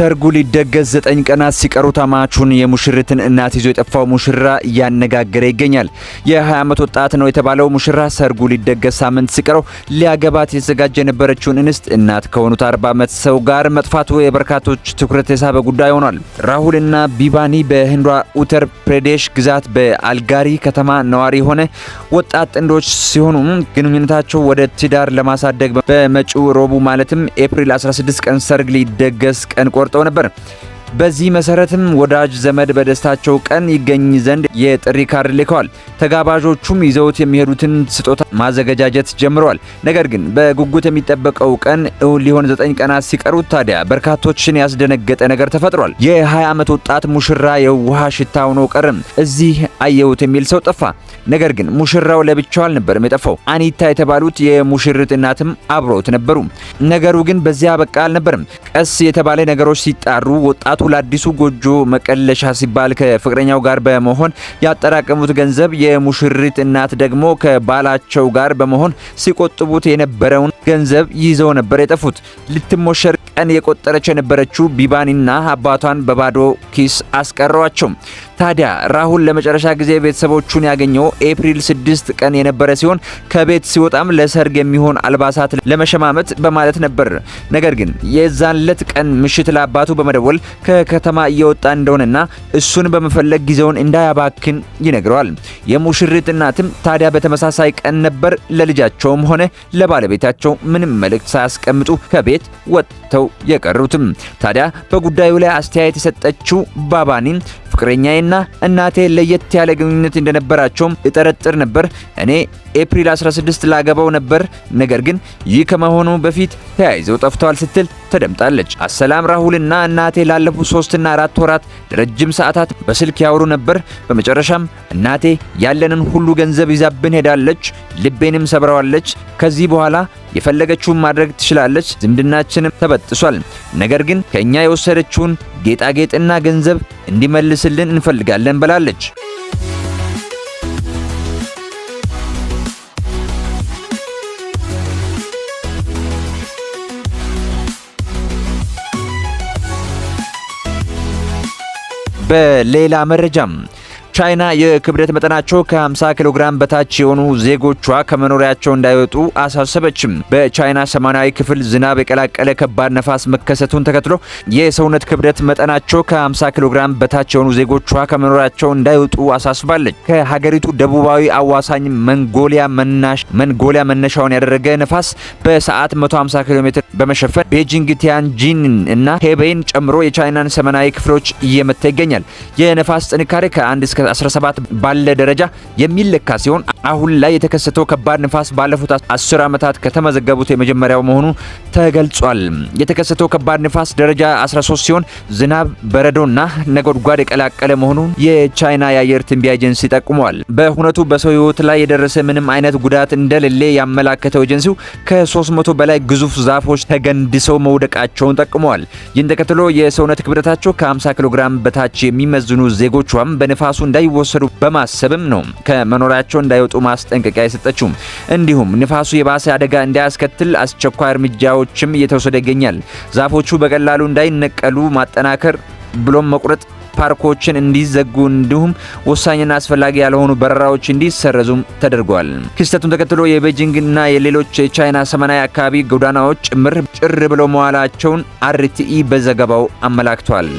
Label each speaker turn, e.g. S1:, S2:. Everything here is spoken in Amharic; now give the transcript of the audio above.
S1: ሰርጉ ሊደገስ ዘጠኝ ቀናት ሲቀሩ ተማቹን የሙሽሪትን እናት ይዞ የጠፋው ሙሽራ እያነጋገረ ይገኛል። የ20 ዓመት ወጣት ነው የተባለው ሙሽራ ሰርጉ ሊደገስ ሳምንት ሲቀረው ሊያገባት የተዘጋጀ የነበረችውን እንስት እናት ከሆኑት 40 ዓመት ሰው ጋር መጥፋቱ የበርካቶች ትኩረት የሳበ ጉዳይ ሆኗል።
S2: ራሁል እና ቢባኒ በህንዷ ኡተር ፕሬዴሽ ግዛት በአልጋሪ ከተማ ነዋሪ የሆነ ወጣት ጥንዶች ሲሆኑ ግንኙነታቸው ወደ ትዳር ለማሳደግ በመጪው ሮቡ ማለትም ኤፕሪል 16 ቀን ሰርግ ሊደገስ ቀን ቆርጦ ተቆርጠው ነበር። በዚህ መሰረትም ወዳጅ ዘመድ በደስታቸው ቀን ይገኝ ዘንድ የጥሪ ካርድ ልከዋል። ተጋባዦቹም ይዘውት የሚሄዱትን ስጦታ ማዘገጃጀት ጀምረዋል። ነገር ግን በጉጉት የሚጠበቀው ቀን እውን ሊሆን ዘጠኝ ቀናት ሲቀሩት ታዲያ በርካቶችን ያስደነገጠ ነገር ተፈጥሯል። የ20 ዓመት ወጣት ሙሽራ የውሃ ሽታ ሆኖ ቀርም እዚህ አየሁት የሚል ሰው ጠፋ። ነገር ግን ሙሽራው ለብቻው አልነበርም የጠፋው። አኒታ የተባሉት የሙሽርት እናትም አብረውት ነበሩ። ነገሩ ግን በዚያ በቃ አልነበርም። ቀስ የተባለ ነገሮች ሲጣሩ ወጣቱ ወጣቱ ለአዲሱ ጎጆ መቀለሻ ሲባል ከፍቅረኛው ጋር በመሆን ያጠራቀሙት ገንዘብ፣ የሙሽሪት እናት ደግሞ ከባላቸው ጋር በመሆን ሲቆጥቡት የነበረውን ገንዘብ ይዘው ነበር የጠፉት። ልትሞሸር ቀን የቆጠረች የነበረችው ቢባኒና አባቷን በባዶ ኪስ አስቀሯቸው። ታዲያ ራሁል ለመጨረሻ ጊዜ ቤተሰቦቹን ያገኘው ኤፕሪል 6 ቀን የነበረ ሲሆን ከቤት ሲወጣም ለሰርግ የሚሆን አልባሳት ለመሸማመት በማለት ነበር። ነገር ግን የዛን ለት ቀን ምሽት ለአባቱ በመደወል ከከተማ እየወጣ እንደሆነና እሱን በመፈለግ ጊዜውን እንዳያባክን ይነግረዋል። የሙሽሪት እናትም ታዲያ በተመሳሳይ ቀን ነበር ለልጃቸውም ሆነ ለባለቤታቸው ምንም መልእክት ሳያስቀምጡ ከቤት ወጥተው የቀሩትም። ታዲያ በጉዳዩ ላይ አስተያየት የሰጠችው ባባኒን ፍቅረኛዬና እናቴ ለየት ያለ ግንኙነት እንደነበራቸውም እጠረጥር ነበር እኔ ኤፕሪል 16 ላገባው ነበር፣ ነገር ግን ይህ ከመሆኑ በፊት ተያይዘው ጠፍተዋል ስትል ተደምጣለች። አሰላም ራሁልና እናቴ ላለፉት ሶስትና አራት ወራት ለረጅም ሰዓታት በስልክ ያወሩ ነበር። በመጨረሻም እናቴ ያለንን ሁሉ ገንዘብ ይዛብን ሄዳለች፣ ልቤንም ሰብረዋለች። ከዚህ በኋላ የፈለገችውን ማድረግ ትችላለች። ዝምድናችንም ተበጥሷል። ነገር ግን ከእኛ የወሰደችውን ጌጣጌጥና ገንዘብ እንዲመልስልን እንፈልጋለን ብላለች።
S3: በሌላ መረጃም ቻይና የክብደት መጠናቸው ከ50 ኪሎ ግራም በታች የሆኑ ዜጎቿ ከመኖሪያቸው እንዳይወጡ አሳሰበችም። በቻይና ሰሜናዊ ክፍል ዝናብ የቀላቀለ ከባድ ነፋስ መከሰቱን ተከትሎ የሰውነት ክብደት መጠናቸው ከ50 ኪሎ ግራም በታች የሆኑ ዜጎቿ ከመኖሪያቸው እንዳይወጡ አሳስባለች። ከሀገሪቱ ደቡባዊ አዋሳኝ መንጎሊያ መናሽ መንጎሊያ መነሻውን ያደረገ ነፋስ በሰዓት 150 ኪሎ ሜትር በመሸፈን ቤጂንግ፣ ቲያንጂን እና ሄቤይን ጨምሮ የቻይናን ሰሜናዊ ክፍሎች እየመታ ይገኛል። የነፋስ ጥንካሬ ከአንድ እስከ እስከ 17 ባለ ደረጃ የሚለካ ሲሆን አሁን ላይ የተከሰተው ከባድ ንፋስ ባለፉት 10 ዓመታት ከተመዘገቡት የመጀመሪያው መሆኑ ተገልጿል። የተከሰተው ከባድ ንፋስ ደረጃ 13 ሲሆን ዝናብ፣ በረዶና ነጎድጓድ የቀላቀለ መሆኑን የቻይና የአየር ትንቢያ ኤጀንሲ ጠቁመዋል። በሁነቱ በሰው ህይወት ላይ የደረሰ ምንም አይነት ጉዳት እንደሌለ ያመላከተው ኤጀንሲው ከ300 በላይ ግዙፍ ዛፎች ተገንድሰው መውደቃቸውን ጠቁመዋል። ይህን ተከትሎ የሰውነት ክብደታቸው ከ50 ኪሎ ግራም በታች የሚመዝኑ ዜጎቿም በንፋሱ እንዳይወሰዱ በማሰብም ነው ከመኖሪያቸው እንዳይወጡ ማስጠንቀቂያ የሰጠችው። እንዲሁም ንፋሱ የባሰ አደጋ እንዳያስከትል አስቸኳይ እርምጃዎችም እየተወሰደ ይገኛል። ዛፎቹ በቀላሉ እንዳይነቀሉ ማጠናከር ብሎም መቁረጥ ፓርኮችን እንዲዘጉ እንዲሁም ወሳኝና አስፈላጊ ያልሆኑ በረራዎች እንዲሰረዙም ተደርጓል። ክስተቱን ተከትሎ የቤጂንግ ና የሌሎች የቻይና ሰመናዊ አካባቢ ጎዳናዎች ጭምር ጭር ብለው መዋላቸውን አርቲኢ በዘገባው አመላክቷል።